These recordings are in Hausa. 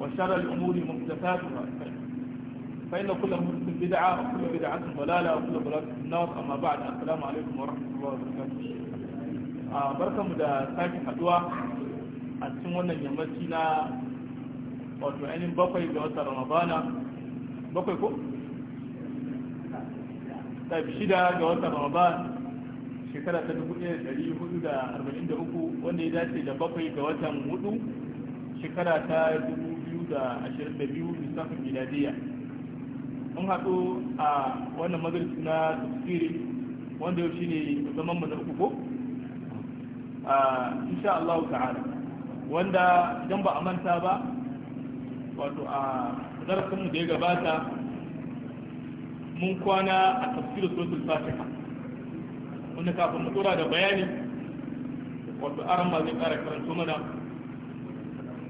وشر الأمور محدثاتها فإن كل محدث بدعة وكل بدعة ضلالة وكل ضلالة في النار أما بعد السلام عليكم ورحمة الله وبركاته barkan mu da sake haduwa a cikin wannan yammaci na wato ainihin bakwai ga wata ramadana bakwai ko? tafi shida ga wata ramadana wanda ya dace da bakwai ga watan hudu shekara ta dubu 2022 lissafin miladiya mun haɗu a wannan majalis na tafsiri wanda yau shine zaman mu na uku insha Allah ta'ala wanda idan ba a manta ba wato a darasin mu da ya gabata mun kwana a tafsir suratul fatiha wanda kafin mu dora da bayani wato aran ma zai ƙara karanto mana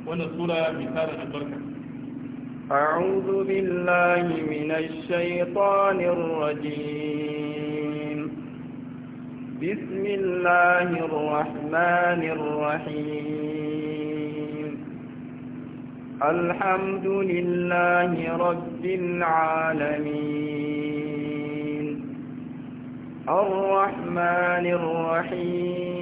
wannan sura mai أعوذ بالله من الشيطان الرجيم بسم الله الرحمن الرحيم الحمد لله رب العالمين الرحمن الرحيم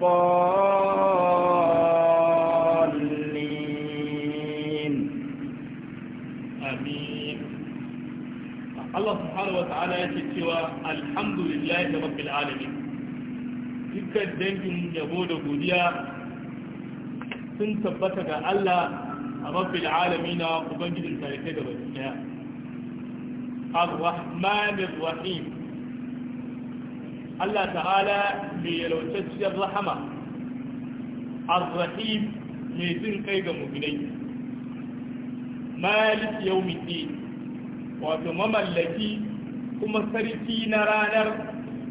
الضالين آمين الله سبحانه وتعالى يتكوى الحمد لله رب العالمين dukkan dangin yabo da godiya sun tabbatar ga Allah a rabbil alamina ubangijin tarihi da Allah ta'ala mai yalwatacciyar rahama ar-rahim mai jin kai ga mu'minai malik yau yawmiddin wato mamallaki kuma sarki na ranar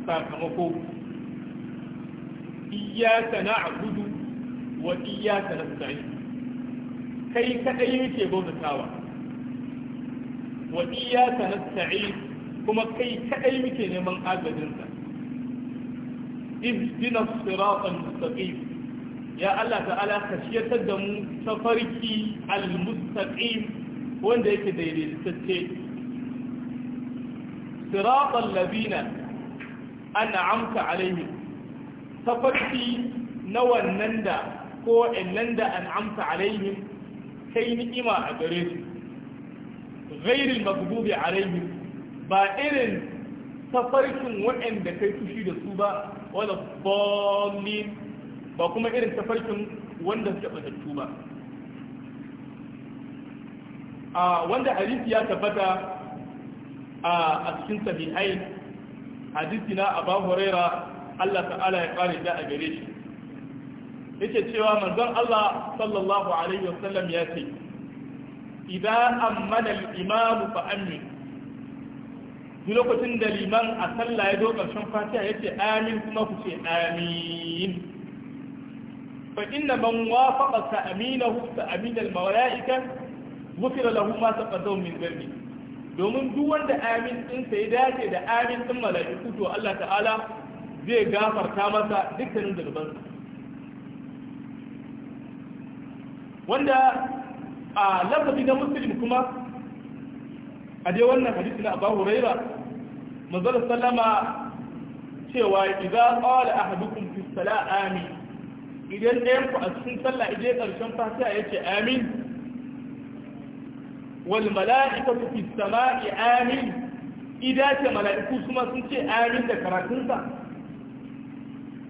sakamako iyaka na abudu wa iyaka na sa'in kai kaɗai yake bautatawa wa iyaka na sa'in kuma kai kaɗai muke neman agajinsa ibdin siratan mustaqim ya Allah ta'ala ka shiyar da mu tafarki farki al wanda yake daidai tsacce siratal ladina an'amta alaihim ta farki na wannan da ko wannan da an'amta alaihim kai ni'ima a gare su ghairu al ba irin tafarkin waɗanda kai fushi da su ba wadda dallin ba kuma irin tafarkin wanda suke batattu ba a wanda hadisi ya tabbata a cikin sahihai hadisi na Abu Huraira Allah ta'ala ya kare da a gare shi yake cewa manzon Allah sallallahu alaihi wasallam ya ce idan ammana al-imamu fa amin duk lokacin da liman a sallah ya zo ƙarshen fatiha ya ce amin kuma ku ce amin fa inna man wafaqa ka aminahu ka aminal malaika ghufira lahu ma min dhanbi domin duk wanda amin din sai dace da amin din malaiku to Allah ta'ala zai gafarta masa dukkanin zunubansa wanda a lafazi na muslim kuma a dai wannan hadisi na abu huraira manzon sallama cewa idza qala ahadukum fi salat amin idan ɗayan ku a cikin sallah idan karshen fatiha yace amin wal mala'ikatu fi samai amin idan ce mala'iku kuma sun ce amin da karatun karatunsa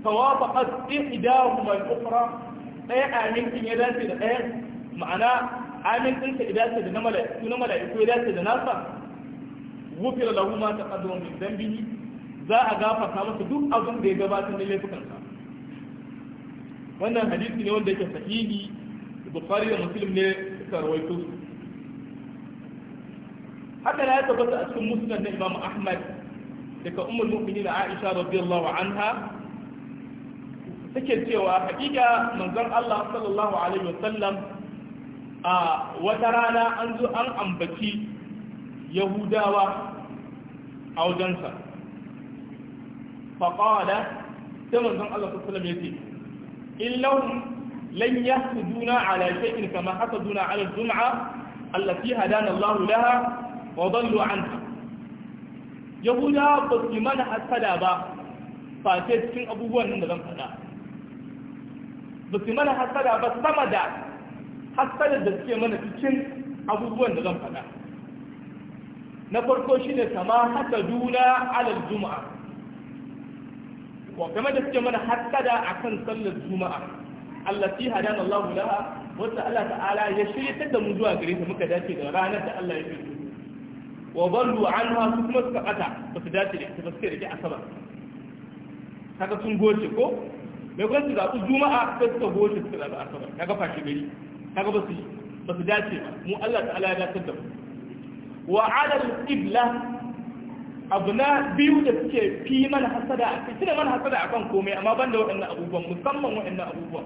tawafaqat ihdahuma al-ukhra ɗaya amin kin ya dace da ɗaya ma'ana amincin ka idace da na mala'iku na mala'iku ya dace da nasa wufira lahu ma taqaddama min dhanbihi za a gafarta masa duk abin da ya gabatar da laifukansa wannan hadisi ne wanda yake sahihi bukhari da muslim ne suka rawaito su haka na ya tabbata a cikin musnad na imam ahmad daga ummul mu'minin aisha radiyallahu anha take cewa hakika manzon Allah sallallahu alaihi wa sallam. a wata rana an zo an ambaci yahudawa a wajensa faƙawa ta manzon Allah sallallahu ya ce illahum lan a ala shay'in kama hasaduna a al-jum'a allati hadana Allah laha wa dallu anha yahudawa ba su mana hasada ba fa cikin abubuwan nan da zan faɗa ba su mana hasada ba sama da hasadar da suke mana cikin abubuwan da zan faɗa na farko shi ne kama duna alal juma'a game da suke mana hasada a kan sallar juma'a Allah allati hadana Allah laha wata Allah ta'ala ya shirya da mu zuwa gare ta muka dace da ranar da Allah ya fito wa ballu anha su kuma suka bata ba su dace da ita ba da rike asabar kaga sun goce ko mai kwanci zaɓi juma'a sai suka goce su da asabar kaga shi gari kaga ba su ba su dace ba. mu Allah ta'ala ya dace da mu wa alal qibla abu na biyu da suke fi man hasada a kai man mana hasada akan komai amma ban da waɗannan abubuwan musamman waɗannan abubuwan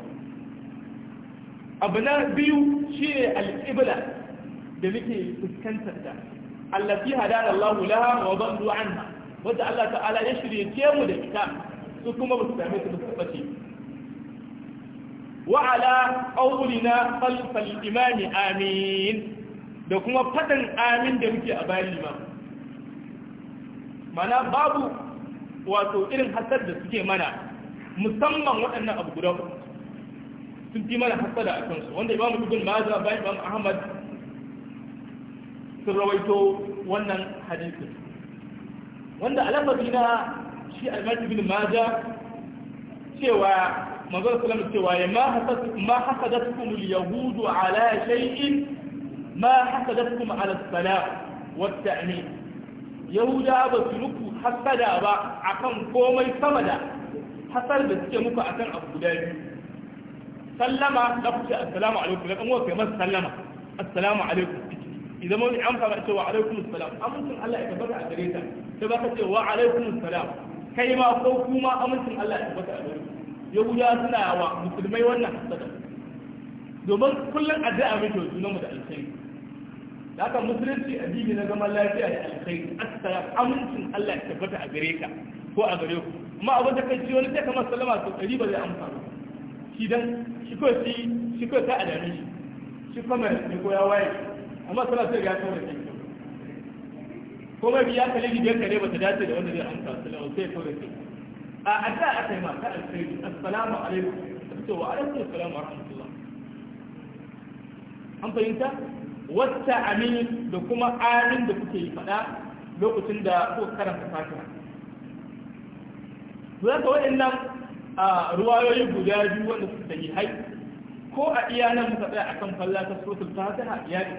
abu na biyu shi ne al'ibla da muke fuskantar Allah allafi hadar Allah laha wa ban du'an wadda Allah ta'ala ya shirye mu da ita su kuma ba su same su ba su وعلى قولنا خلف الإمام آمين da kuma fadan amin da muke a bayan limam mana babu wato irin hasar da suke mana musamman waɗannan abu sun fi mana hasada a kansu wanda imamu ibn maza bayan imam ahmad sun rawaito wannan hadisin wanda alamari na shi almajibin maza cewa manzon sallam cewa ya ma hasad ma hasadatkum al-yahud ala shay'in ma hasadatkum ala as-salam wa at-ta'min yahuda ba su muku hasada ba akan komai sama da hasar da suke muku akan abu guda biyu sallama da kuke assalamu alaikum da kuma kai masa sallama assalamu alaikum idan mun an fara cewa alaikum assalam amincin Allah ya tabbata a gare ta sai ba ka ce wa alaikum assalam kai ma ko kuma amincin Allah ya tabbata a gare ka yahudawa suna wa musulmai wannan hasada domin kullum addu'a muke wa junanmu da alkhairi da haka musulunci addini na zaman lafiya da alkhairi assalamu amincin Allah ya tabbata a gare ka ko a gare ku amma abin da kai ci wani sai kamar sallama to ɗari ba zai amfana shi dan shi ko shi shi ko ta adami shi shi mai ne ko ya waye amma sallah sai ya tsora shi ko mai biya ni biyar kare ba ta dace da wanda zai amsa sallama sai ya da shi a adda aka yi ma ta alkhairi assalamu alaikum to wa alaikum assalam wa rahmatullah an fahimta wata amin da kuma amin da kuke yi faɗa lokacin da kuka karanta fatiha Zaka ka waɗannan ruwayoyi guda biyu wanda su da hai ko a iya nan muka tsaya akan falla ta suratul fatiha ya ne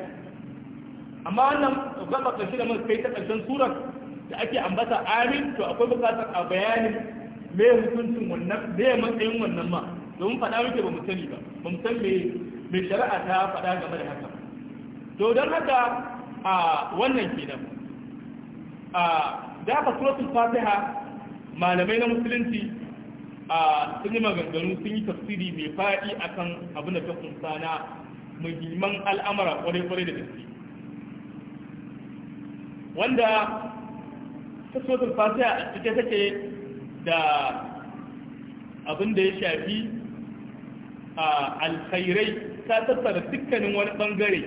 amma wannan gaba ƙarshe da muka kai ta ƙarshen surar da ake ambata amin to akwai buƙatar a bayanin me hukuncin wannan me matsayin wannan ma domin faɗa muke ba mu sani ba ba mu san me shari'a ta faɗa game da haka to don haka a wannan kenan a da ka suratul fatiha malamai na musulunci a sun yi maganganu sun yi tafsiri mai faɗi akan abin da ta kunsa na muhimman al'amara kwarai-kwarai da gaske wanda ta suratul fatiha a cike take da abin da ya shafi a alkhairai ta tattara dukkanin wani bangare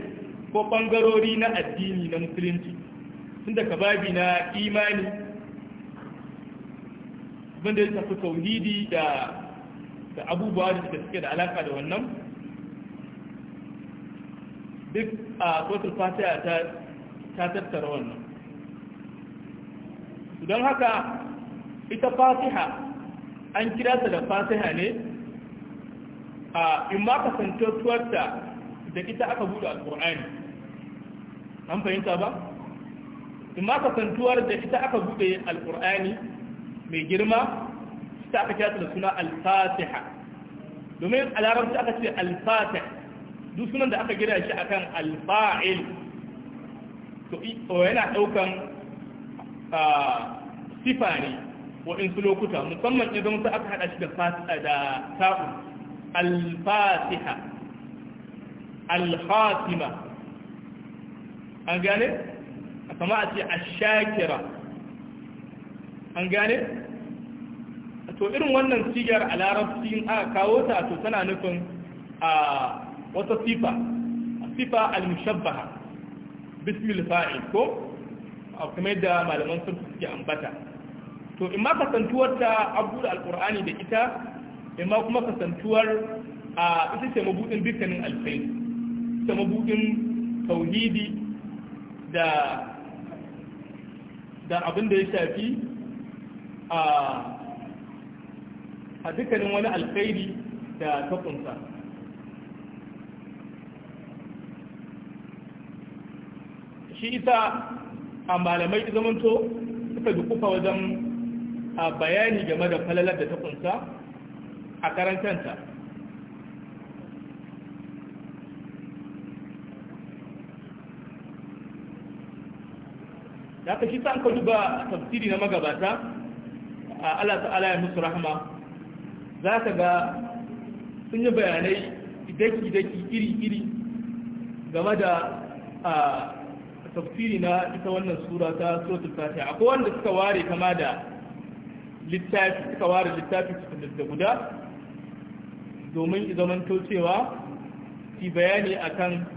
ko bangarori na addini na musulunci tun da kababi na imani abin da ya tafi tauhidi da abubuwa da suke da alaka da wannan duk a kotun fatiha ta tattara wannan don haka ita fatiha an kira ta da fatiha ne a in ma kasantattuwarta da ita aka buɗe alƙur'ani an fahimta ba in ma kasantuwar da ita aka buɗe alƙur'ani mai girma ita aka kira ta da suna alfatiha domin a larabci aka ce alfatih duk sunan da aka gida shi akan alfa'il to yana ɗaukan sifa ne waɗansu lokuta musamman ya ta aka haɗa shi da sa'un alfasiha alhatima an gane a kama a ce ashakira an gane to irin wannan sigar a larabci aka kawo ta to tana nufin a wata sifa sifa al-mushabbaha bismil fa'il ko kamar yadda malaman sun suke ambata to in ma kasantuwar ta abu da alkur'ani da ita in ma kuma kasantuwar a ita ce mabudin dukkanin alfai ita mabudin tauhidi da da abin da ya shafi a dukkanin wani alfairi da takunsa shi ita a malamai zamanto suka dukufa wajen a bayani game da falalar da ta kunsa a karantanta da ta shi an tafsiri na magabata a alata ala ya musu rahama za ka ga sun yi bayanai daki-daki iri-iri game da tafsiri na ita wannan sura ta suratul fatiha akwai wanda suka ware kama da littafi suka ware littafi da guda domin to cewa ki bayani akan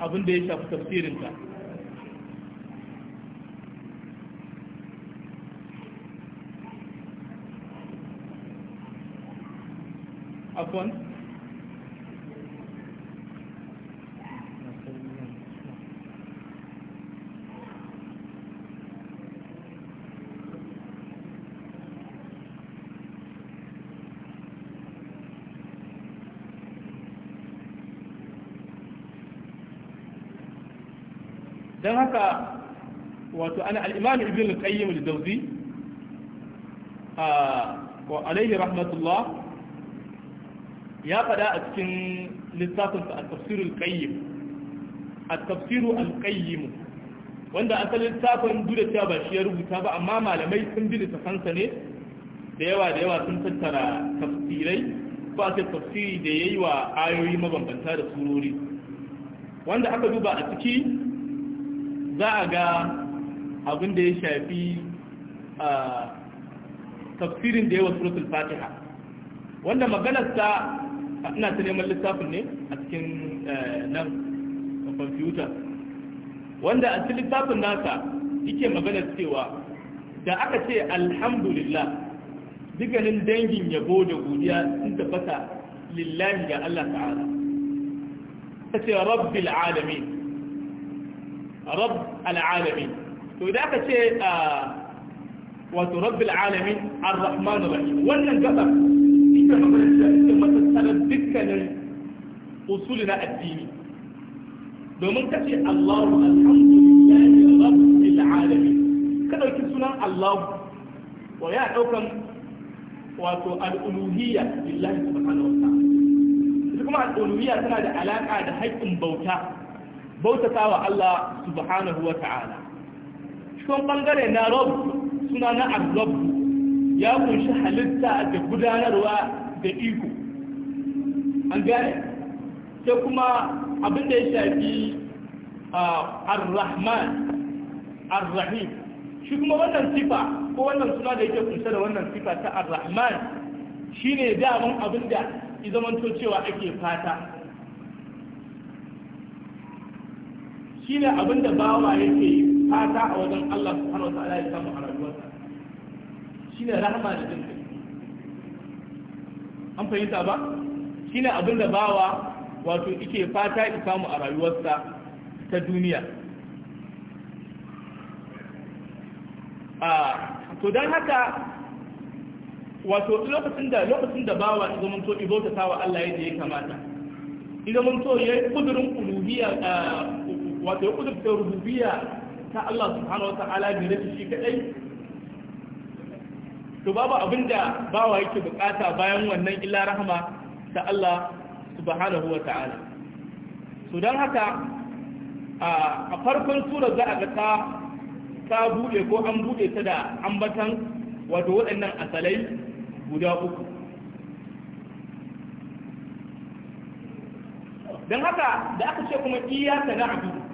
abin da ya shafi tafsirinka afon haka wato ana al'imam ibn al-qayyim al-dawzi wa alaihi rahmatullah ya faɗa a cikin littafinsa a tafsirul qayyim a tafsiru al-qayyim wanda asalin littafin duk da ba shi ya rubuta ba amma malamai sun bi littafansa ne da yawa da yawa sun tattara tafsirai ko aka tafsiri da yayi wa ayoyi mabambanta da surori wanda aka duba a ciki za a ga abin da ya shafi tafsirin da yawa suratul fatiha wanda maganarsa ina ta neman littafin ne a cikin eh, nan a kwamfuta wanda a cikin littafin nasa yake maganar cewa da aka ce alhamdulillah diganin dangin yabo da godiya sun tabbata lillahi ga Allah ta'ala ta ce rabbil alamin rabb al'alamin to da aka ce wato rabb al'alamin ar-rahman rahim wannan gaba ita mabarata ita matattarar dukkanin usuli na addini domin kace Allahu alhamdulillahi rabbil ka sunan Allahu ya wato al'uluhiyya lillahi subhanahu wa ta'ala kuma al'uluhiyya tana da alaƙa da haƙƙin bauta bautata wa Allah subhanahu wa ta'ala cikin bangare na rob suna na arzob ya kunshi halitta da gudanarwa da iko an gane sai kuma abin da ya shafi ar-rahman ar-rahim shi kuma wannan sifa ko wannan suna da yake kunsa da wannan sifa ta ar-rahman shine daman abin da izamanto cewa ake fata shine abin da bawa yake fata a wajen Allah subhanahu wa ta'ala ya samu a rayuwarsa shine rahama da jin an fahimta ba shine abin da bawa wato yake fata ya samu a rayuwarsa ta duniya to dan haka wato lokacin da lokacin da bawa ya zama to ibota tawa Allah yadda ya kamata idan mun to yayin kudurin uluhiyya wato ya da rububiya ta Allah subhanahu wa ta'ala ne na shi kadai to babu abin da bawa yake bukata bayan wannan illa rahama ta Allah subhanahu wa ta'ala su don haka a farkon sura za a ga ta ta buɗe ko an buɗe ta da ambatan wato waɗannan asalai guda uku don haka da aka ce kuma iyaka na abu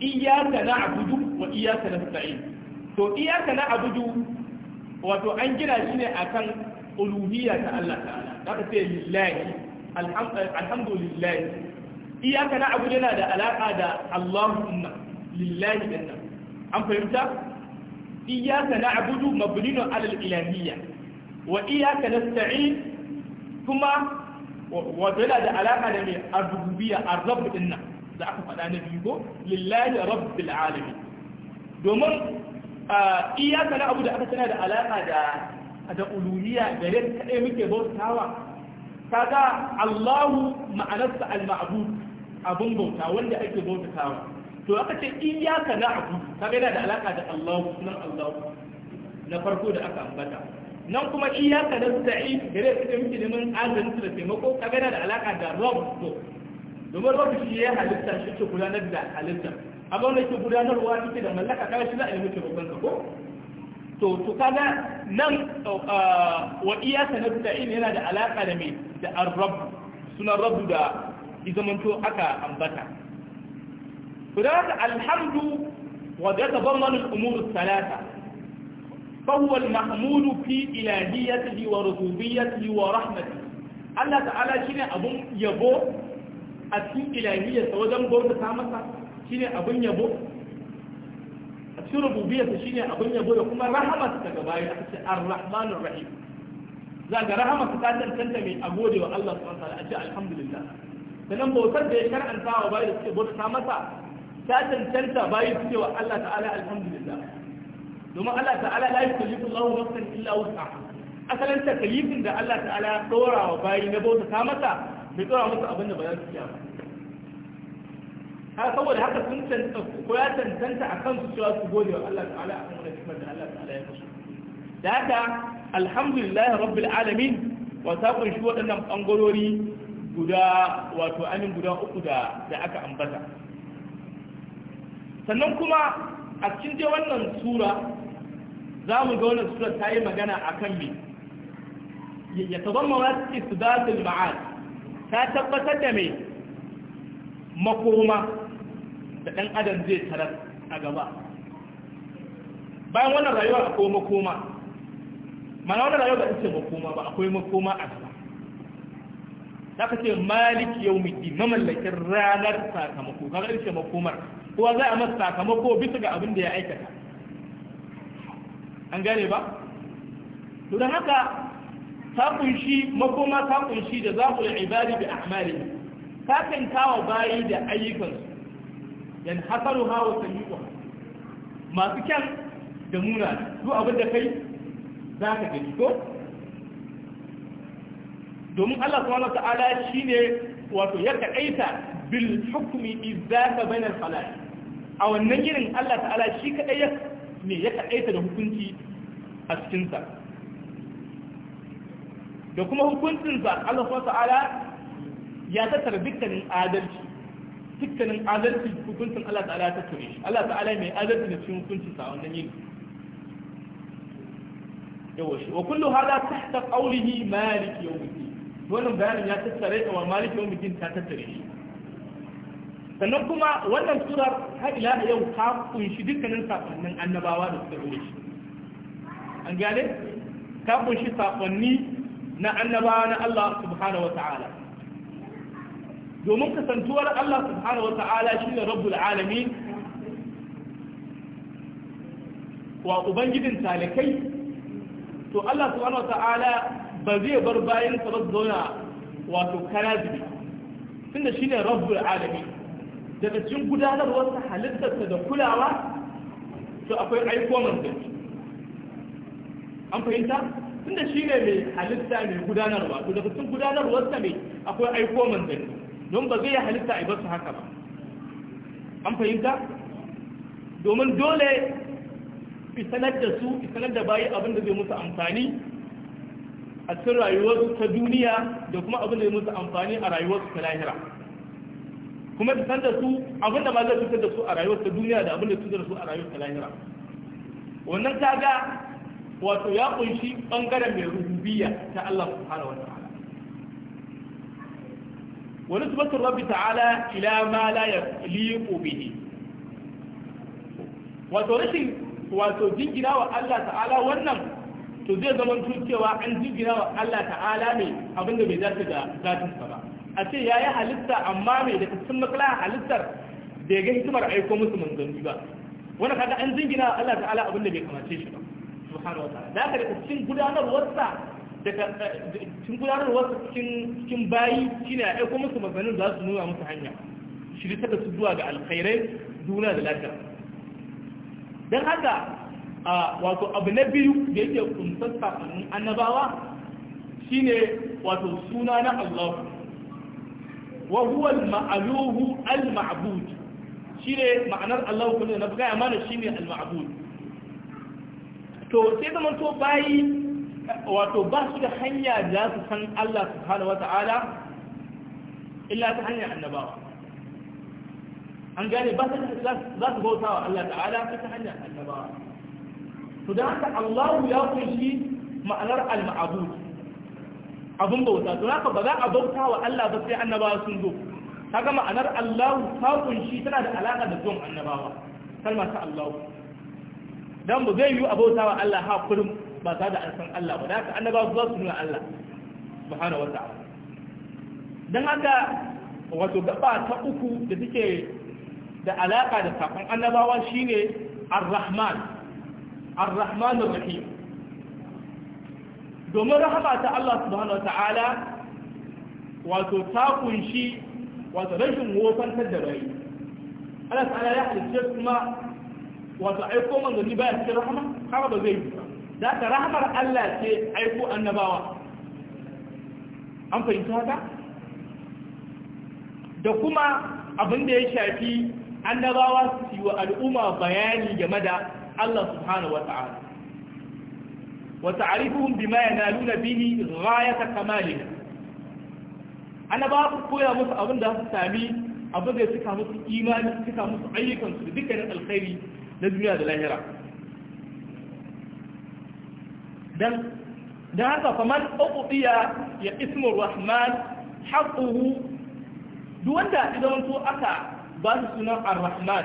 iyaka na abudu wa iyaka na sa'in to iyaka na abudu wato an gina shi ne akan uluhiyya ta Allah ta'ala zaka ce lillahi alhamdulillah iyaka na abudu yana da alaka da Allahumma lillahi dinna an fahimta iyaka na abudu mabninun alal ilahiyya wa iyaka nasta'in kuma wato yana da alaka da mai arzubiya arzabu dinna da aka faɗa na biyu ko lillahi rabbil alamin domin iyaka na abu da aka tana da alaƙa da da ululiya da yadda kaɗai muke bautawa kaga Allahu ma'anarsa al-ma'bud abun bauta wanda ake bautawa to aka ce na abu kaga yana da alaka da Allahu sunan Allahu na farko da aka ambata nan kuma iyaka na nasta'in da ka da muke neman su da taimako kaga yana da alaka da Rabb to domin rabu shi ya halitta shi ke gudanar da halitta amma wanda ke gudanarwa take da mallaka kaga shi za a yi mutu babban ka ko to to kaga nan uh, wa iyaka na bida'in yana da alaƙa da mai da ar rabu sunan rabu da izamanto aka ambata alhamdu فذلك الحمد ويتضمن الأمور الثلاثة فهو المحمود في إلهيته وربوبيته ورحمته Allah ta'ala shi ne abun yabo a cikin ilahiyarsa wajen bautata masa shine abin yabo a cikin rububiyarsa shine abin yabo da kuma rahamarsa daga baya aka ce ar rahim za ga ta tantance mai a gode wa Allah subhanahu wa ta'ala a ce alhamdulillah sannan bautar da ya karanta wa bayi da suke bautata masa ta tantance bayi wa Allah ta'ala alhamdulillah domin Allah ta'ala la yukallifu Allahu nafsan illa wus'aha asalin takalifin da Allah ta'ala dora wa bayi na bautata masa bai tsora musu abin da ba za su iya ba saboda haka sun tantance ko ya tantanta a kansu cewa su gode wa Allah ta'ala a kan wani hikimar da Allah ta'ala ya musu da haka alhamdulillah rabbil alamin wa ta kunshi waɗannan bangarori guda wato amin guda uku da da aka ambata sannan kuma a cikin dai wannan sura za mu ga wannan sura ta yi magana a kan me ya su wasu su ma'ad ta tabbatar da mai makoma da ɗan adam zai tarar a gaba bayan wannan rayuwar akwai makoma mana wannan rayuwar ba ce makoma ba akwai makoma a gaba za ka ce malik yau miki mamallakin ranar sakamako kaga ce makomar kowa za a masa sakamako bisa ga abin da ya aikata an gane ba to don haka ta kunshi makoma ta kunshi da zaful ibadi bi a'mali ta kankawa bayi da ayyukansu yan hasaru hawa sanyuwa masu kyan da muna duk abin da kai za ka gani ko domin Allah subhanahu ta'ala ne wato ya kaita bil hukumi hukmi ka bainal khalaiq a wannan ginin Allah ta'ala shi kadai ne ya kaita da hukunci a cikin da kuma hukuncinsa Allah subhanahu ta'ala ya tattara dukkanin adalci dukkanin adalci hukuncin Allah ta'ala ya tattare shi Allah ta'ala mai adalci da cikin hukuncin sa wannan yin yawa shi wa kullu hada tahta qawlihi malik yawmiddin wannan bayanin ya tattare ta wa malik yawmiddin ta tattare shi sannan kuma wannan surar har ila yau ta kunshi dukkanin sakonnin annabawa da suka dore shi an gane ta kunshi sakonni na annaba na Allah subhanahu wa ta'ala domin kasantuwar Allah subhanahu wa ta'ala shi ne rabbul alami wa ubangijin talikai to Allah subhanahu wa ta'ala ba zai bar bayan sa ba zauna wato karazi, tunda shi ne rabbul alami daga cikin gudanarwarsa halittarsa da kulawa to akwai aiko manzanci an fahimta tunda shi ne mai halitta mai gudanarwa to daga cikin gudanarwarsa ne akwai aiko manzanni don ba zai halitta a basu haka ba an fahimta domin dole isanar da su isanar da bayi abin da zai musu amfani a cikin rayuwarsu ta duniya da kuma abin da zai musu amfani a rayuwarsu ta lahira kuma fitar da su abin da ma zai fitar da su a rayuwarsu ta duniya da abin da fitar da su a rayuwarsu ta lahira wannan kaga wato ya kunshi bangaren mai rububiya ta Allah subhanahu wataala wa nisbatu rabbi ta'ala ila ma la yaliqu bihi wato rashin wato jingina wa Allah ta'ala wannan to zai zama cewa an jingina wa Allah ta'ala ne abinda bai ga da zatinsa ba a ce ya yi halitta amma mai da cikin makala halittar bai ga hikimar aiko musu manzanni ba wanda kaga an jingina wa Allah ta'ala abinda bai kamace shi ba subhanahu wa ta'ala da haka daga cikin gudanarwarsa daga eh, cikin gudanarwarsa cikin cikin bayi shine a aiko musu masanin za su nuna musu hanya shiri ta su zuwa ga alkhairai duniya da lafiya don haka wato abu na biyu da yake kumsar sakonnin annabawa shine wato suna na Allah wa huwa al-ma'luhu al-ma'bud shine ma'anar Allah kuma na buga mana shine al-ma'bud to sai zaman to bayi wato ba su da hanya da su san Allah subhanahu wata'ala illa ta hanyar annabawa an gane ba su za su bauta wa Allah ta'ala ta hanyar annabawa to da haka Allah ya kunshi ma'anar al-ma'bud abun bauta to haka ba za a bauta wa Allah ba sai annabawa sun zo kaga ma'anar Allah ta kunshi tana da alaka da zuwan annabawa kalmar ta Allah dan ba zai yi abota wa Allah ha kullum ba tare da an san Allah ba da haka annaba su su nuna Allah subhanahu wa ta'ala Don haka wato gaba ta uku da take da alaka da sakon annabawa shine ar-rahman ar-rahman ar-rahim domin rahama ta Allah subhanahu wa ta'ala wato ta kunshi wato rashin wofantar da rai Allah ta'ala ya halicce kuma wato aiko manzanni baya cikin rahama Kama ba zai yi Za ta rahamar Allah ce aiko annabawa an fahimta haka da kuma abin da ya shafi annabawa su yi wa al'umma bayani game da Allah subhanahu wa ta'ala wa ta'arifuhum bima Bini Raya ta kamalih annabawa su koya musu abin da su sami abin da suka musu imani suka musu ayyukan su dukkanin alkhairi na duniya da lahira dan dan haka faman uqiya ya ismu rahman haqquhu duk wanda idan to aka ba su sunan ar-rahman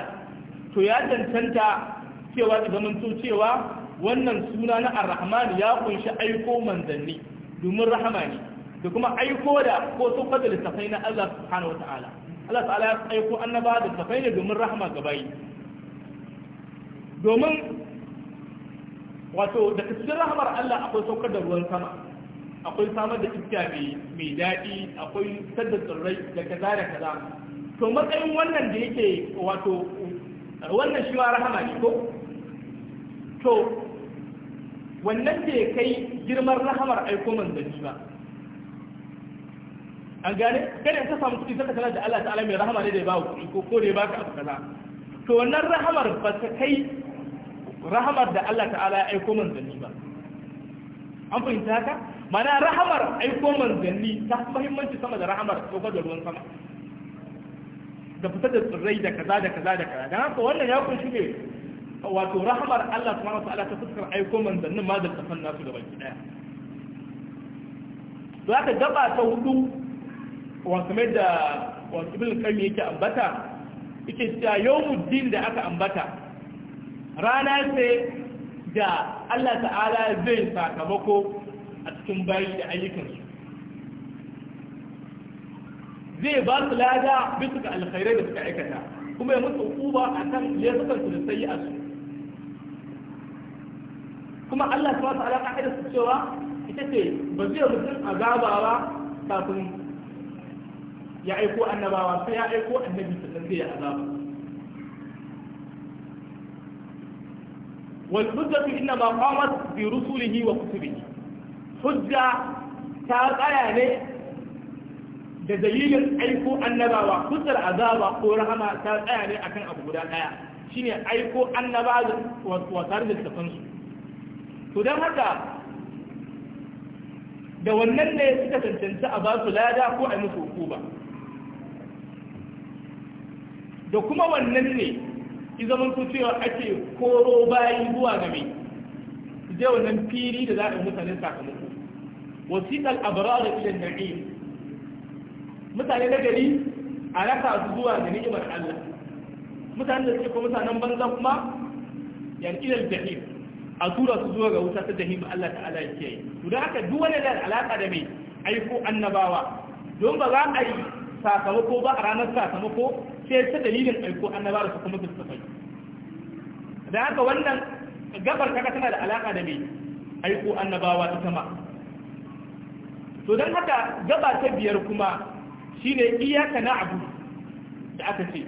to ya tantanta cewa idan to cewa wannan suna na ar-rahman ya kunshi aiko manzanni domin rahama ne da kuma aiko da ko sun fadda littafai na Allah subhanahu wa ta'ala Allah ta'ala ya aiko annaba da littafai ne domin rahama ga bayi domin wato daga cikin rahamar Allah akwai saukar da ruwan sama akwai samar da iska mai daɗi akwai sadda tsirrai da kaza da kaza to matsayin wannan da yake wato wannan shi ma rahama ne ko to wannan da ya kai girman rahamar aiko manzanni ba an gane kada ka samu kuɗi saka sanar da Allah ta'ala mai rahama ne da ya ba kuɗi ko ko da ya baka abu kaza to wannan rahamar ba ta kai rahamar da Allah ta'ala ya aiko manzanni ba an fahimta haka mana rahamar aiko manzanni ta muhimmanci sama da rahamar ɗaukar da ruwan sama da fitar da tsirrai da kaza da kaza da kaza don haka wannan ya kunshi ne wato rahamar Allah subhanahu wa ta'ala ta fuskar aiko manzannin ma da kafan nasu gaba ki daya za ka gaba ta hudu wasu mai da wasu ibn qayyim yake ambata yake cewa yawmuddin da aka ambata rana ce da Allah ta'ala zai sakamako a cikin bayi da ayyukansu zai ba su lada bisa ga alkhairai da suka aikata kuma ya musu uba a kan laifukansu da sayi a su kuma Allah ta wata alaƙa da su cewa ita ce ba zai mutum azaba ba kafin ya aiko annabawa sai ya aiko annabi sannan zai azaba wal hujjatu inna ma qamat bi rusulihi wa kutubihi hujja ta tsaya ne da dalilin aiko annabawa hujjar azaba ko rahama ta tsaya ne akan abu guda aiko da to haka da wannan ne suka tantance a ba su lada ko a musu hukuma da kuma wannan ne ki zaman to cewa ake koro bayan zuwa ga mai su je wannan fili da za a mutanen sakamako wasiqal abrar ila na'im mutane na gari a raka su zuwa ga ni'imar Allah mutane da suke kuma mutanen banza kuma yan ila jahim a tura su zuwa ga wuta ta jahim Allah ta'ala ya kiyaye to da haka duk wani da alaka da mai aiko annabawa don ba za a yi sakamako ba a ranar sakamako sai ta dalilin aiko annabawa su kuma su tafai da haka wannan gabar kaka tana da alaka da mai aiko annabawa ta sama to don haka gaba ta biyar kuma shine iyaka na abu da aka ce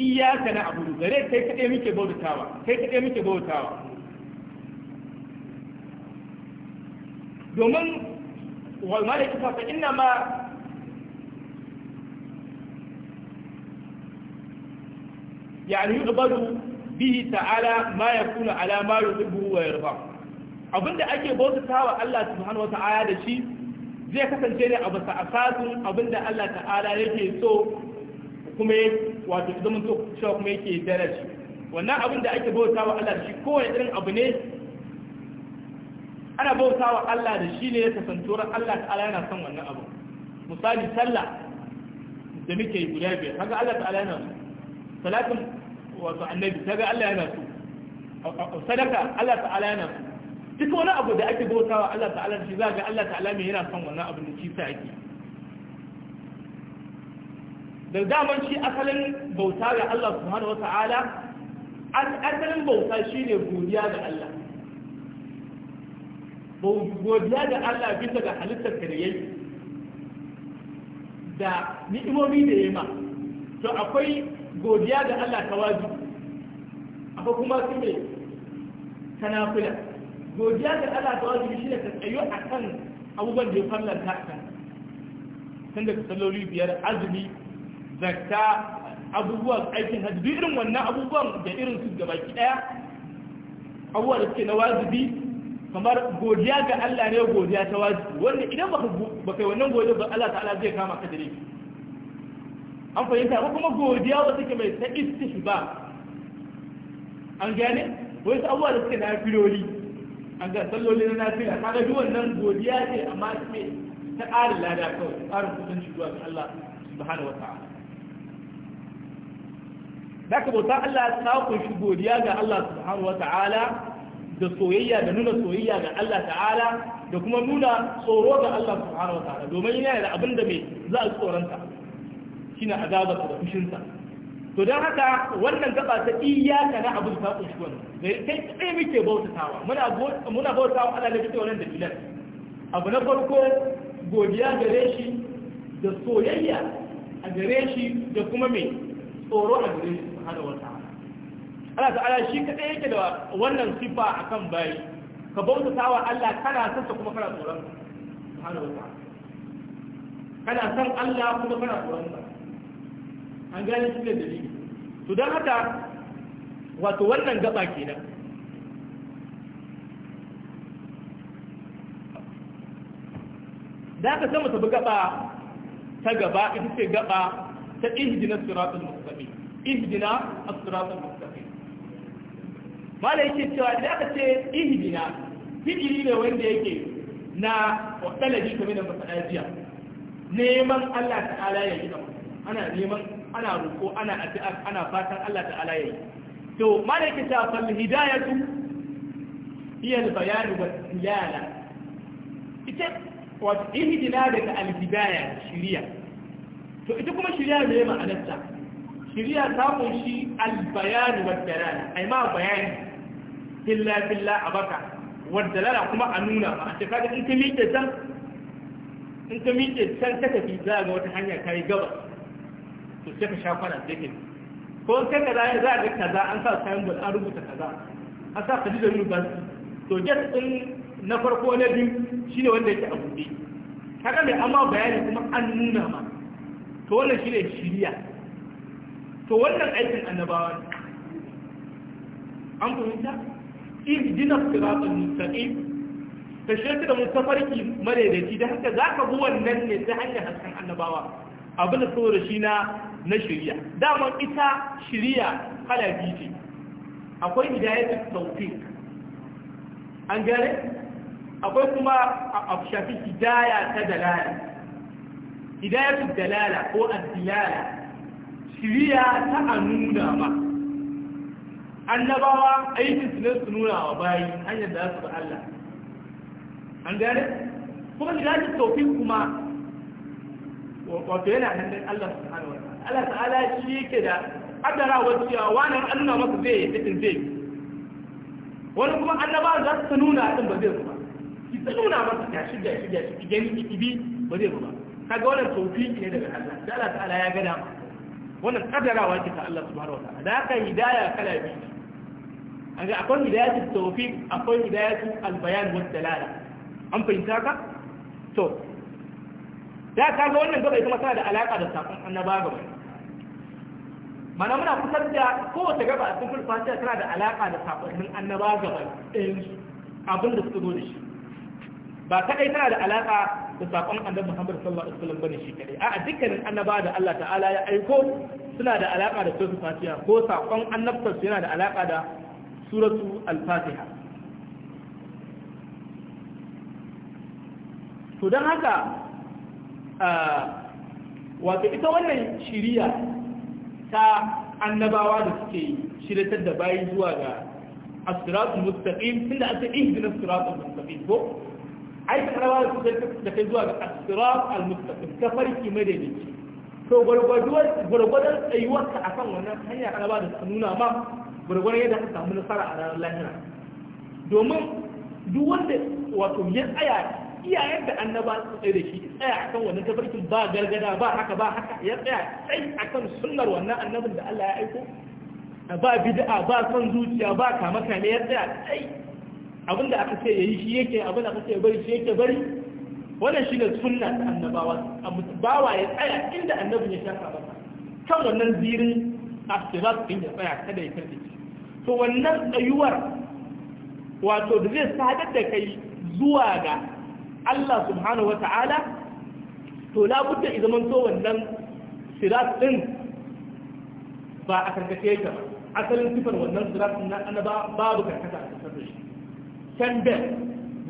iyaka na abu gare kai kaɗai muke bautawa kai kaɗai muke bautawa domin walma da kisa fa inna ma yani yi bihi ta'ala ma yakunu ala ma yuhibbu wa yarda abinda ake wa Allah subhanahu wata'ala da shi zai kasance ne a bisa asasin da Allah ta'ala yake so kuma wato zaman to cewa kuma yake darashi wannan abin da ake bauta wa Allah da shi kowane irin abu ne ana bauta wa Allah da shi ne ya kasantuwar Allah ta'ala yana son wannan abu misali sallah da muke guda biyar haka Allah ta'ala yana salatin wato annabi ta ga Allah yana so sadaka Allah ta'ala yana so duk wani abu da ake bautawa Allah ta'ala shi za ga Allah ta'ala mai yana son wannan abu da shi sa ake da daman shi asalin bauta ga Allah subhanahu wata'ala asalin bauta shi ne godiya ga Allah godiya ga Allah bisa ga halittar da kariyayi da ni'imomi da ma to akwai godiya ga Allah ta wajibi akwai kuma su mai tanafila godiya ga Allah ta wajibi shi ne ka tsayo a kan abubuwan da ya fallanta a kan tun daga salloli biyar azumi zakka abubuwan aikin hajji duk irin wannan abubuwan da irin su gaba ki daya abubuwa da suke na wajibi kamar godiya ga Allah ne godiya ta wajibi wanda idan baka baka wannan godiya ga Allah ta'ala zai kama ka da laifi an fahimta ko kuma godiya ba take mai ta ba an gane wai abubuwa da suke na filoli an ga salloli na nafila ta duk wannan godiya ce amma su ce ta ƙarin lada kawai ƙarin kusanci zuwa ga Allah subhanahu wa ta'ala ka bauta Allah ta kunshi godiya ga Allah subhanahu wa ta'ala da soyayya da nuna soyayya ga Allah ta'ala da kuma nuna tsoro ga Allah subhanahu wa ta'ala domin yana da abin da mai za a tsoronta shine azabarsa da fushinsa to don haka wannan gaba ta iyaka na abin ta kunshi wannan da kai tsaye muke bautatawa muna muna bautawa Allah ne da wannan abu na farko godiya gare shi da soyayya a gare shi da kuma mai tsoro a gare shi subhanahu wa ta'ala Allah ta'ala shi kaɗai yake da wannan sifa a kan bayi ka bautatawa Allah kana sassa kuma kana tsoron subhanahu wa ta'ala kana son Allah kuma kana tsoron sa an gani cikin dalili to don haka wato wannan gaba kenan da aka samu tafi gaba ta gaba ita ce gaba ta ihdina siratul mustaqim ihdina as mustaqim mala yake cewa da aka ce ihdina fi'ili ne wanda yake na ji kamar da masalajiya neman Allah ta'ala ya gina ana neman ana roƙo ana addu'a ana fatan Allah ta'ala yayi to malaka ta fal hidayatu hiya al bayan wa tilala ita wato ihdina daga al hidaya shiriya to ita kuma shiriya me ma'anarta shiriya ta kunshi al bayan wa tilala ai ma bayani filla filla abaka wa tilala kuma a nuna ba ta kaga in ka miƙe can in ka miƙe can ka tafi za ga wata hanya kai gaba to sai ka sha kwana sai ka ko kai kaza ya za a ga kaza an sa sayan bul an rubuta kaza an sa ka da rubuta to jet din na farko na biyu shine wanda yake a buɗe kaga mai amma bayani kuma an nuna ma to wannan shine shiriya to wannan aikin annabawa ne an fahimta ihdina siratal mutane ka shirka da mutafarki madaidaici da haka zaka bi wannan ne ta hanyar hasken annabawa abin da saboda da shi na na shirya daman ita shirya kala biyu ce akwai hidayatul tawfiq an gane akwai kuma a shafi hidaya ta dalala hidayatul dalala ko ad-dilala shirya ta anuna ma annabawa aikin su ne su nuna wa bayi hanyar da za su ba Allah an gane kuma hidayatul tawfiq kuma wato yana nan Allah subhanahu wa Allah ta'ala shi yake da adara wasiya wani an nuna masa zai yi zai wani kuma annaba za su nuna din ba zai ba ki ta nuna masa gashi gashi gashi shi gani ki ba zai ba kaga wannan tawfiki ne daga Allah da Allah ta'ala ya gada ma wannan kadarawa ce ta Allah subhanahu wa da haka hidaya kala biyu an ga akwai hidayatul tawfiq akwai hidayatul albayan wad dalala an fahimta ka to da ka ga wannan gaba ita masana da alaka da sakon annaba gaba mana muna kusan da kowace gaba a cikin fasiya tana da alaka da sakonnin annaba gaba ɗayan su abin da suka zo da shi ba kadai tana da alaka da sakon annabi Muhammad sallallahu alaihi wasallam bane shi kadai a'a dukkanin annaba da Allah ta'ala ya aiko suna da alaka da suratul fatiha ko sakon annabtar yana da alaka da suratul al-fatiha to don haka wato ita wannan shiriya ta annabawa da suke shiratar da bayi zuwa ga asiratul mustaqim tunda aka ihdina siratul mustaƙin ko ai ta da suke da kai zuwa ga asiratul mustaƙin ta farki madaidaici to gwargwadon tsayuwarka akan wannan hanya annabawa da suka nuna ma gwargwadon yadda aka samu nasara a ranar lahira domin duk wanda wato ya tsaya iyayen da annaba su tsaye da shi tsaya kan wannan tafarkin ba gargada ba haka ba haka ya tsaya tsaye kan sunnar wannan annabin da Allah ya aiko ba bid'a ba son zuciya ba kama kame ya tsaya tsaye abinda aka ce yayi shi yake abin da aka ce bari shi yake bari wannan shine sunna ta annabawa bawa ya tsaya inda annabin ya shafa ba. kan wannan zirin asirat din ya tsaya kada ya karbi to wannan tsayuwar wato da zai sadar da kai zuwa ga Allah subhanahu ta'ala to labudda idan man to wannan sirat ɗin ba a karkace ta ba asalin sifar wannan sirat na annaba babu karkata a kasar da shi canda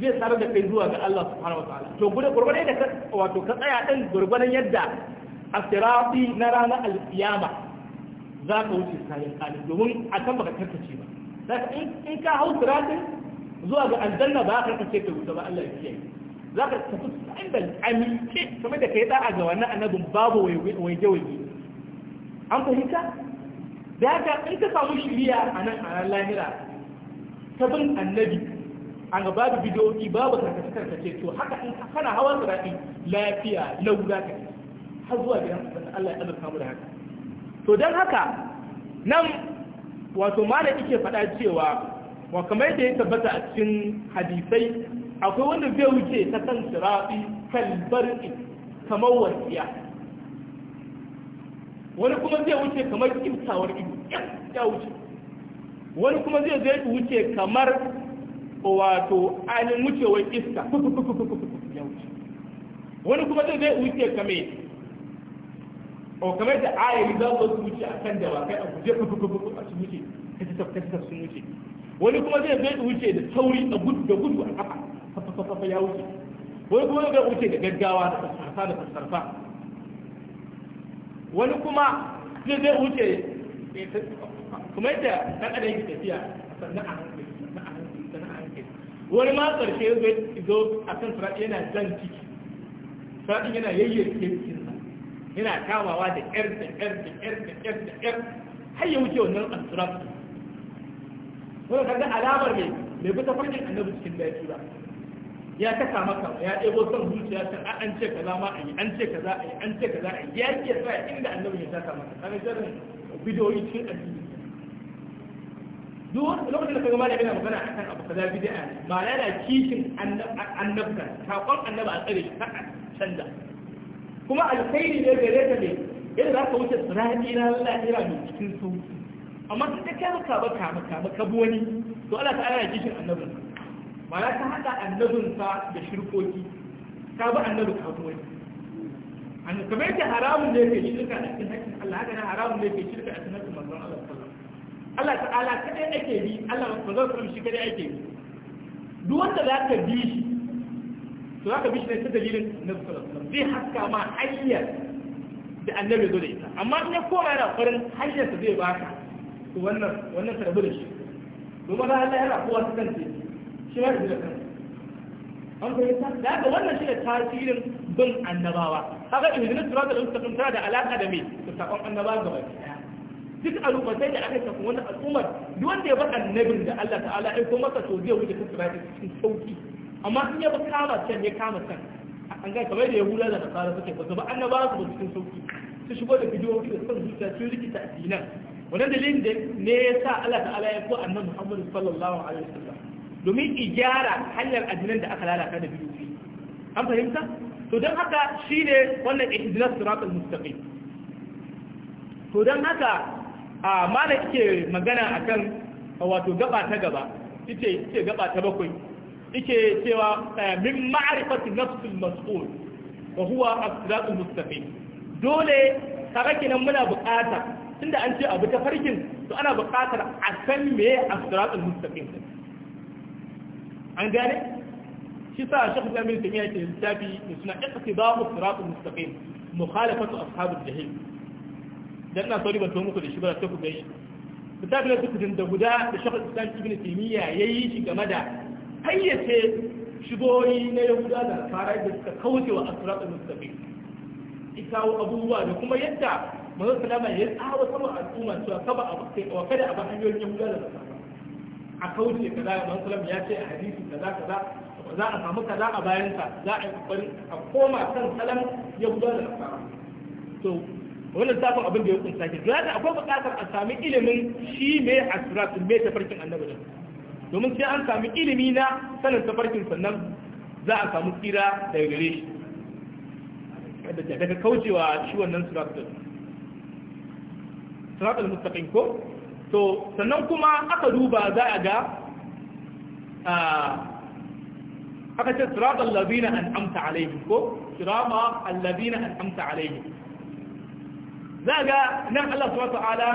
zai tsara da kai zuwa ga Allah subhanahu ta'ala. to gudu gurgurai da wato ka tsaya din gurgurai yadda asirati na ranar alkiyama za ka wuce kayan kalin domin a kan baka karkace ba in ka hau siratin zuwa ga aljanna ba ka karkace ka wuce ba Allah ya kiyaye za ka tafi inda amince kuma da ka yi da'a ga wannan annabin babu waje waje an fahimta da haka in ka samu shiriya a nan a lahira ta bin annabi a ga babu bidoyi babu karkace karkace to haka in kana hawan tsirafi lafiya lau za ka har zuwa gidan Allah ya azurta mu da haka to don haka nan wato malam yake faɗa cewa wa kamar yadda ya tabbata a cikin hadisai akwai wanda zai wuce ta kan sirafi kan bari kamar wasiya wani kuma zai wuce kamar kimtawar ido ya wuce wani kuma zai zai wuce kamar wato ainihin wucewar iska ya wuce wani kuma zai zai wuce kame o kamar da ayari za su wuce a kan da kai a guje a sun wuce ta ci sun wuce wani kuma zai zai wuce da sauri a gudu da gudu a kafa fafafa ya wuce wani kuma ga wuce da gaggawa da sassarfa da sassarfa wani kuma zai zai wuce eh, kuma yadda ɗan adam yake tafiya sannan a sannan a wani ma ƙarshe zai zo a kan suraɗi yana zan ciki suraɗi yana yayyarke cikinsa yana kamawa da 'yar da 'yar da 'yar da 'yar da 'yar har ya wuce wannan asirafi wani kaga alamar mai bai bi ta farkin annabi cikin daji ba ya taka maka ya ɗebo son zuciya ta an ce kaza ma a yi an ce kaza a yi an ce kaza a yi ya ke sa inda annabi ya taka maka kana sharrin bidiyoyi cikin addini duk lokacin da kaga malamin yana magana akan abu kaza bid'a ne ma yana kishin annabta sakon annabi a tsare ta canza kuma alkhairi ne gare ka ne yadda za ka wuce tsirani na lahira mai cikin su amma ta kyar ka ba ka maka maka wani to Allah ta'ala yana kishin annabin Ba mana ta haɗa annabinsa da shirkoki ta bi annabi kasuwai an kamar yadda haramun da yake shirka a cikin hakkin Allah haka na haramun da yake shirka a cikin hakkin manzon Allah Allah ta'ala kadai ake bi Allah manzon sallallahu shi kadai ake bi duk wanda za ka bi shi to za ka bi shi ne ta dalilin annabi sallallahu alaihi zai haska ma hanyar da annabi zo da ita amma in ya koma yana farin hanyar sa zai baka to wannan wannan tarbi da shi domin Allah yana kowa ta kanta sai ya rubuta an fahimta da haka wannan shi da tasirin bin annabawa haka ihdinas siratal mustaqim tana da alaka da me da sakon annabawa gaba duk alubatai da aka tafi wani al'ummar duk wanda ya bar annabin da Allah ta'ala ya kuma masa to ya wuce ta kan siratal cikin sauki amma in ya bi kama can ya kama can an ga kamar da ya hula da nasara suke ba gaba annabawa su ba cikin sauki su shigo da bidiyoyi da son zuciya sun rikita addinan wannan dalilin da ne ya sa Allah ta'ala ya ko annabi muhammadu sallallahu alaihi wasallam domin ijara hanyar addinan da aka lalata da biyu bidiyoyi an fahimta to don haka shine wannan ihdinas siratal mustaqim to don haka a mala yake magana akan wato gaba ta gaba ite ite gaba ta bakwai ike cewa eh, min ma'rifati nafsul mas'ul wa huwa as-siratal mustaqim dole sarake nan muna bukata tunda an ce abu ta farkin to ana buƙatar a san me as-siratal mustaqim an gane shi sa shi kusa mai tafiya ke littafi da suna ƙasa ba mu siratun mustaqim mukhalafatu ashabul jahil dan na sauri ban to muku da shi ba ta ku gani littafin da suka da guda da shakul islam ibn taymiya yayi shi game da hayyace shigoyi na yahuda da fara da suka kauce wa asiratul mustaqim ikawo abubuwa da kuma yadda manzo salama ya tsawa sama al'umma cewa kaba a kada a ba hanyoyin yahuda da fara a kauce kaza ya man ya ce a hadisi kaza kaza za a samu kaza a bayan sa za a yi kokari a koma kan salam ya gudanar da nasara to wannan sabon abin da ya kunsa ke to yadda akwai buƙatar a sami ilimin shi me asiratun me tafarkin annabi domin sai an sami ilimi na sanin tafarkin sannan za a samu tsira daga gare shi daga kaucewa shi wannan siratun mustaqim ko to sannan kuma aka duba za a ga aka ce sirata an an'amta alaihim ko sirata an an'amta alaihim za a ga nan Allah subhanahu wa ta'ala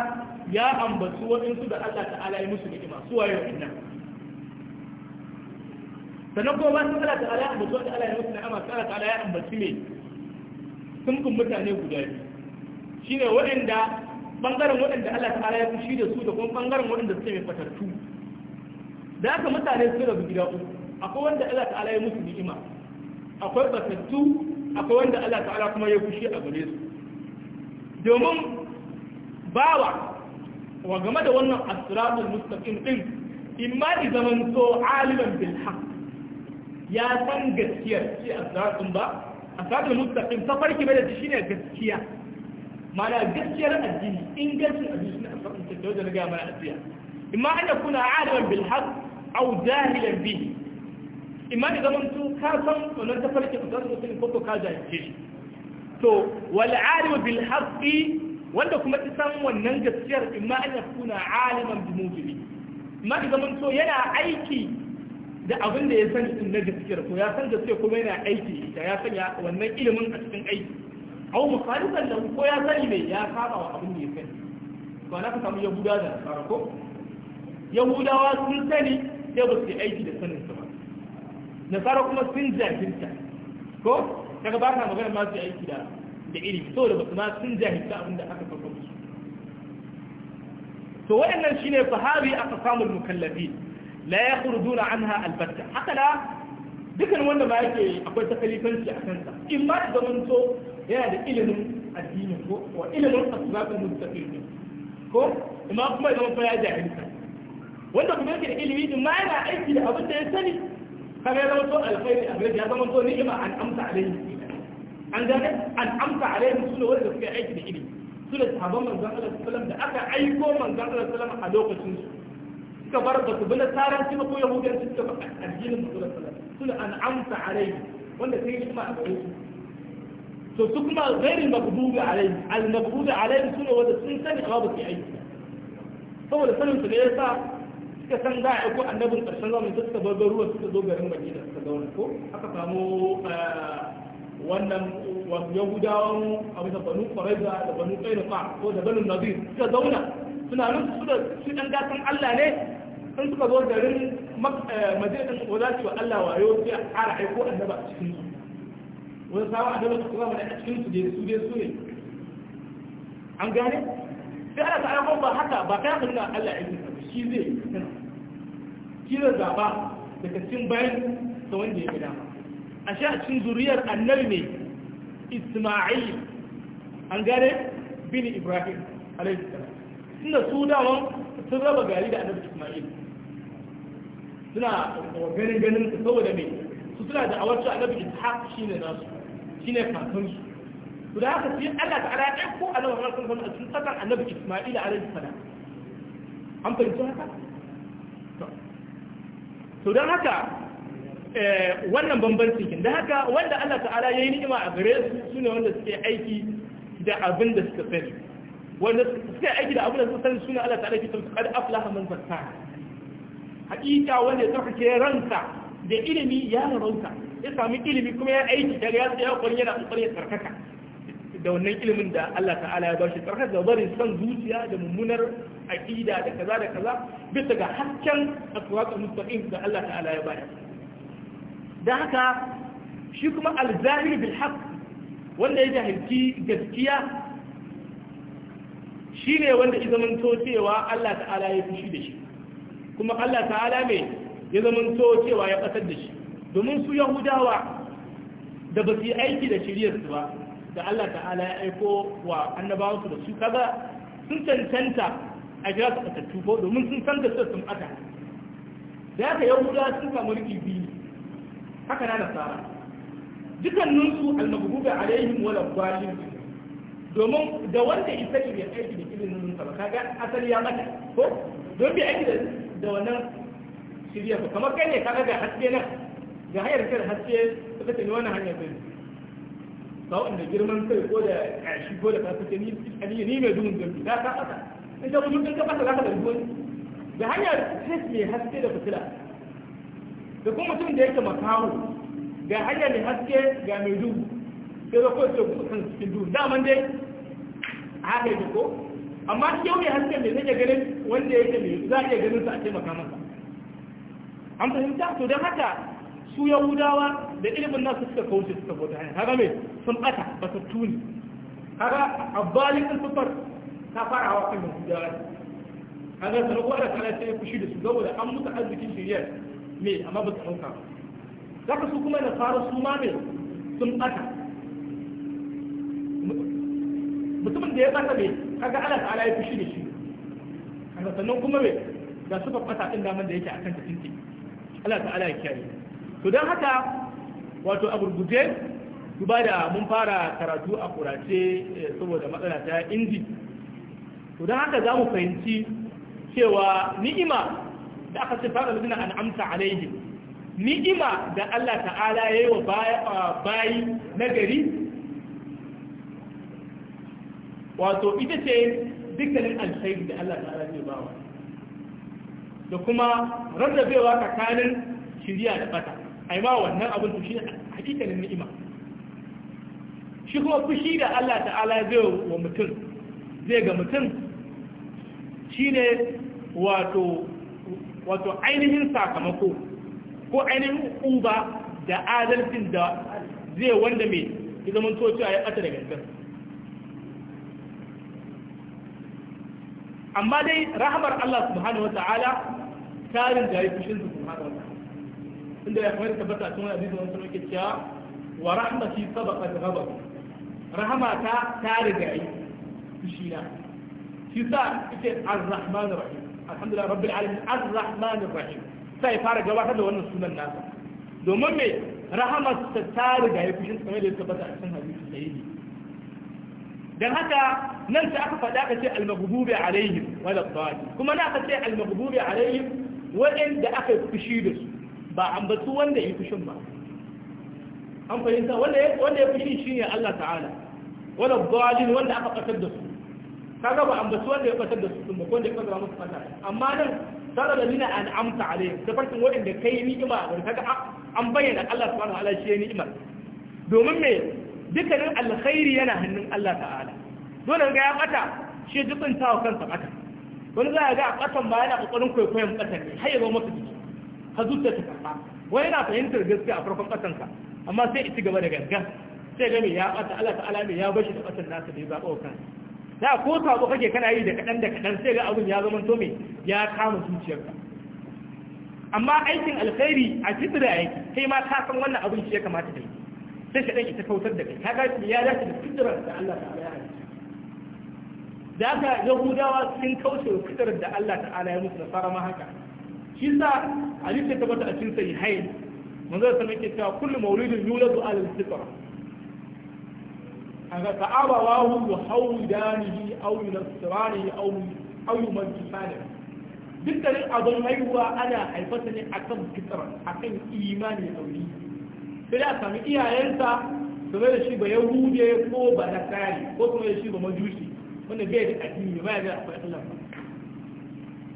ya ambaci waɗansu da Allah ta'ala ya musu ni'ima su waye waɗannan sannan kuma bayan Allah ta'ala ya ambaci wanda Allah ya musu ni'ima sai Allah ta'ala ya ambaci me sun kun mutane guda biyu shine waɗanda bangaren waɗanda Allah ta'ala ya fushi da su da kuma bangaren waɗanda suke mai fatartu da haka mutane su rabu gida uku akwai wanda Allah ta'ala ya musu ni'ima akwai fatattu akwai wanda Allah ta'ala kuma ya fushi a gare su domin bawa wa game da wannan asiratul mustaqim din imma di zaman to aliman bil haqq ya san gaskiyar shi asiratul ba asiratul mustaqim ta farki bai da shi ne gaskiya mana gaskiyar addini ingancin addini suna asabin tattau da na gaya mana addini imma an da kuna alaman bilhaq au jahilan bihi imma da zaman su ka san wannan tafarki ku san musulun ko ka jahilce shi to wal alim bil haqqi wanda kuma ta san wannan gaskiyar imma an yakuna aliman bi mujibi imma da zaman to yana aiki da abin da ya san din na gaskiyar ko ya san gaskiyar kuma yana aiki da ya sanya wannan ilimin a cikin aiki au mukhalisan da ko ya sani mai ya saba wa abin da ya sani to na ka samu yahuda da nasara ko yahudawa sun sani sai ba su yi aiki da sanin ba nasara kuma sun jahilta ko daga ba ta magana ma su yi aiki da da iri so da ba su ma sun jahilta abin da aka farko su to wayannan shine fahabi aka samu mukallafi la yakhrujuna anha albatta haka la dukan wanda ba yake akwai takalifanci a kansa in ma da zamanto yana da ilimin addini ko wa ilimin asbabul mustaqim ko imma kuma idan fa ya jahilta wanda kuma yake da ilimi din ma yana aiki da abin da ya sani kaga ya zama to alkhairi a gare ya zama to ni'ima an amsa alaihi an gane an amsa alaihi wanda aiki da ilimi su sahabban manzon Allah sallallahu da aka aiko manzon Allah sallallahu a lokacin su suka bar ba su bi taranci ba ko su suka ba addinin musulunci sune an amsa alaihi wanda sai ni'ima a gare to su kuma gairin magdubi alaihi al-magdubi alaihi su ne wanda sun sani amma ba su aiki saboda sanin su ne ya sa suka san za a aiko annabin ƙarshen zamani suka bar ruwa suka zo garin madina suka zauna ko aka samu eh, wannan wasu yahudawan abu da banu ƙwararra da banu ƙairuka ko da banu nazir suka zauna suna nan su da su ɗan gasan allah ne sun suka zo garin eh, madina ɗin ko za su wa allah wayo sai a ƙara aiko annaba a cikin su wani sawa a dole kuma mana a cikin su dai su dai su ne an gane sai ana ta ayyukan ba haka ba kai haka Allah ya shi zai shi zai zaba daga cikin bayan sa wanda ya gida a sha a cikin zuriyar annabi ne Isma'il an gane bin Ibrahim alaihi salam suna su dama sun raba gari da annabi Isma'il suna ganin ganin saboda mai su suna da a awarci annabi Ishaq shine nasu shine kakan su to da haka sai Allah ta'ala ɗaya ko annabi Muhammad sallallahu alaihi wasallam a cikin sakar annabi Isma'il alaihi salam an fahimci haka to dan haka eh, wannan bambancin kin da haka wanda Allah ta'ala ya yi ni'ima a gare su sune wanda suke aiki da abin da suka sani wanda suke aiki da abin da suka sani sune Allah ala ke tsamsa kad aflaha man zakka hakika wanda ya tsarkake ranka da ilimi ya rauta ya samu ilimi kuma ya aiki daga ya tsaya kwari yana kokari ya tsarkaka da wannan ilimin da Allah ta'ala ya bashi tsarkaka da barin son zuciya da mummunar aqida da kaza da kaza bisa ga hasken asratul mustaqim da Allah ta'ala ya bayar dan haka shi kuma al-zahir bil haqq wanda ya jahilci gaskiya shi ne wanda ya zama cewa Allah ta'ala ya fushi da shi kuma Allah ta'ala mai ya zamanto cewa ya ƙasar da shi domin su yahudawa da ba su yi aiki da shiryarsu ba da Allah ta'ala ya aiko wa annabawansu da su kaga sun cancanta a jira su fatattu ko domin sun san da su sun ata da haka Yahuda sun samu riƙi biyu haka na nasara dukanninsu almabubu ga alaihim wala gwalin domin da wanda isa ne bai aiki da ilimin sa ba kaga asali ya mata ko don bai aiki da wannan shirya ba kamar kai ne kaga ga haske na. ga hanyar kan haske suka tuni wani hanyar kan sawa'in da girman kai ko da ƙashi ko da kasance ni ni mai duhun zurfi ta ta ƙasa in ta mutum ɗin ka fasa za ka ɗarfi wani da hanyar test mai haske da fitila da kuma mutum da yake makaho ga hanyar mai haske ga mai duhu sai da kowace kuma kan cikin duhu daman dai a haka yake ko amma yau mai haske mai zai ganin wanda yake mai za a iya ganin sa a taimaka masa an fahimta to don haka su yahudawa da ilimin nasu suka kauce suka bauta hanyar haka mai sun ɓata ba su tuni haka sun alfafar ta fara hawa kan yahudawa an ga sanar ko ana kana sai ya fushi da su da an musu arzikin shiriyar me amma ba su ɗauka ba haka su kuma da fara su ma me sun ɓata mutumin da ya ɓata me kaga ana ala ya fushi da shi sannan kuma me ga su ɓata ɗin daman da yake a kan tafinki Allah ta'ala ya kiyaye to don haka wato a gurguje ba da mun fara karatu a kurace eh, saboda matsala ta inji to don haka za mu fahimci cewa ni'ima da aka ce fara lulina an amsa alaihi ni'ima da Allah ta'ala ya yi wa bayi nagari, gari wato ita ce dukkanin alkhairi da Allah ta'ala zai bawa da kuma rarrabewa tsakanin shirya da fata ai ma wannan abin to shi hakikanin ni'ima shi kuma fushi da Allah ta'ala zai wa mutum zai ga mutum ne wato wato ainihin sakamako ko ainihin uba da adalcin da zai wanda mai ki zama toci a ya ɓata da gangan amma dai rahamar Allah subhanahu wa ta'ala tarin da ya fushin su inda ya kamar tabbata cikin wani hadisi wani cewa wa rahmati ghadab ta riga yi fushi na shi sa yake ar-rahman rahim alhamdulillah rabbil alamin ar-rahman rahim sai fara gabatar da wannan sunan nasa domin me ta ta riga yi kamar da ya tabbata cikin hadisi sahihi dan haka nan sai aka faɗa ka ce al-maghdubi alaihim kuma na ka ce al-maghdubi alaihim aka fushi da su ba ambatu wanda ya fushin ba an fahimta wanda ya fushin shi ne Allah ta'ala wanda balin wanda aka fatar da su kaga ba ambatu wanda ya fatar da su sun ba wanda ya fatar musu fata amma nan tare da nina an amsa alai da farkin waɗanda kai ni'ima a wani kaga an bayyana Allah subhanahu wa ta'ala shi ni'imar domin me dukkanin alkhairi yana hannun Allah ta'ala dole ga ya bata shi dukkan tawa kansa bata wani za ga a kasan ba yana kokarin kwaikwayon kasan ne har ya zo masa jiki ka zuciya ta karɓa wai yana fahimtar gaskiya a farkon ka. amma sai ci gaba da ganga sai ga ya ɓata Allah ta'ala mai ya bashi da ɓatan nasa da ya zaɓa wa kansa da ko sabo kake kana yi da kaɗan da kaɗan sai ga abin ya zama to mai ya kama zuciyarka amma aikin alkhairi a fitra yake kai ma ka san wannan abin shi ya kamata ka yi sai shaɗan ita kautar da kai ga ya dace da fitrar da Allah ta'ala ya da ka yahudawa sun kauce wa fitrar da Allah ta'ala ya musu da fara ma haka shi sa hadisi ya tabbata a cikin sahihain manzo da sanin ke cewa kullu mawlidun yuladu ala al-fitra an ga ta'aba wa hu yuhawidanihi aw yunasiranihi aw aw yumajjisanihi dukkanin abin haihuwa ana haifata ne akan fitra akan imani tauhidi sai da sami iyayensa su da shi ba yahude ko ba nasari ko kuma da shi ba majusi wanda bai da addini ba ya da akwai Allah ba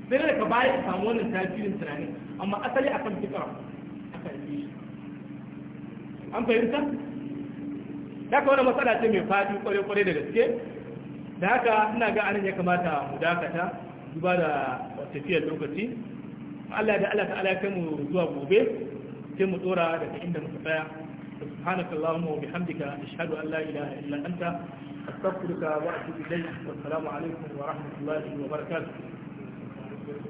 sai ka baya ka samu wannan tasirin tunani, amma asali akan fikira aka yi shi an fahimta da ka wani matsala ce mai fadi kwarai-kwarai da gaske da haka ina ga anan ya kamata mu dakata duba da tafiyar lokaci Allah da Allah ta'ala kai mu zuwa gobe sai mu dora daga inda muka tsaya سبحانك اللهم وبحمدك أشهد أن لا إله إلا أنت أستغفرك وأتوب إليك والسلام عليكم ورحمة الله وبركاته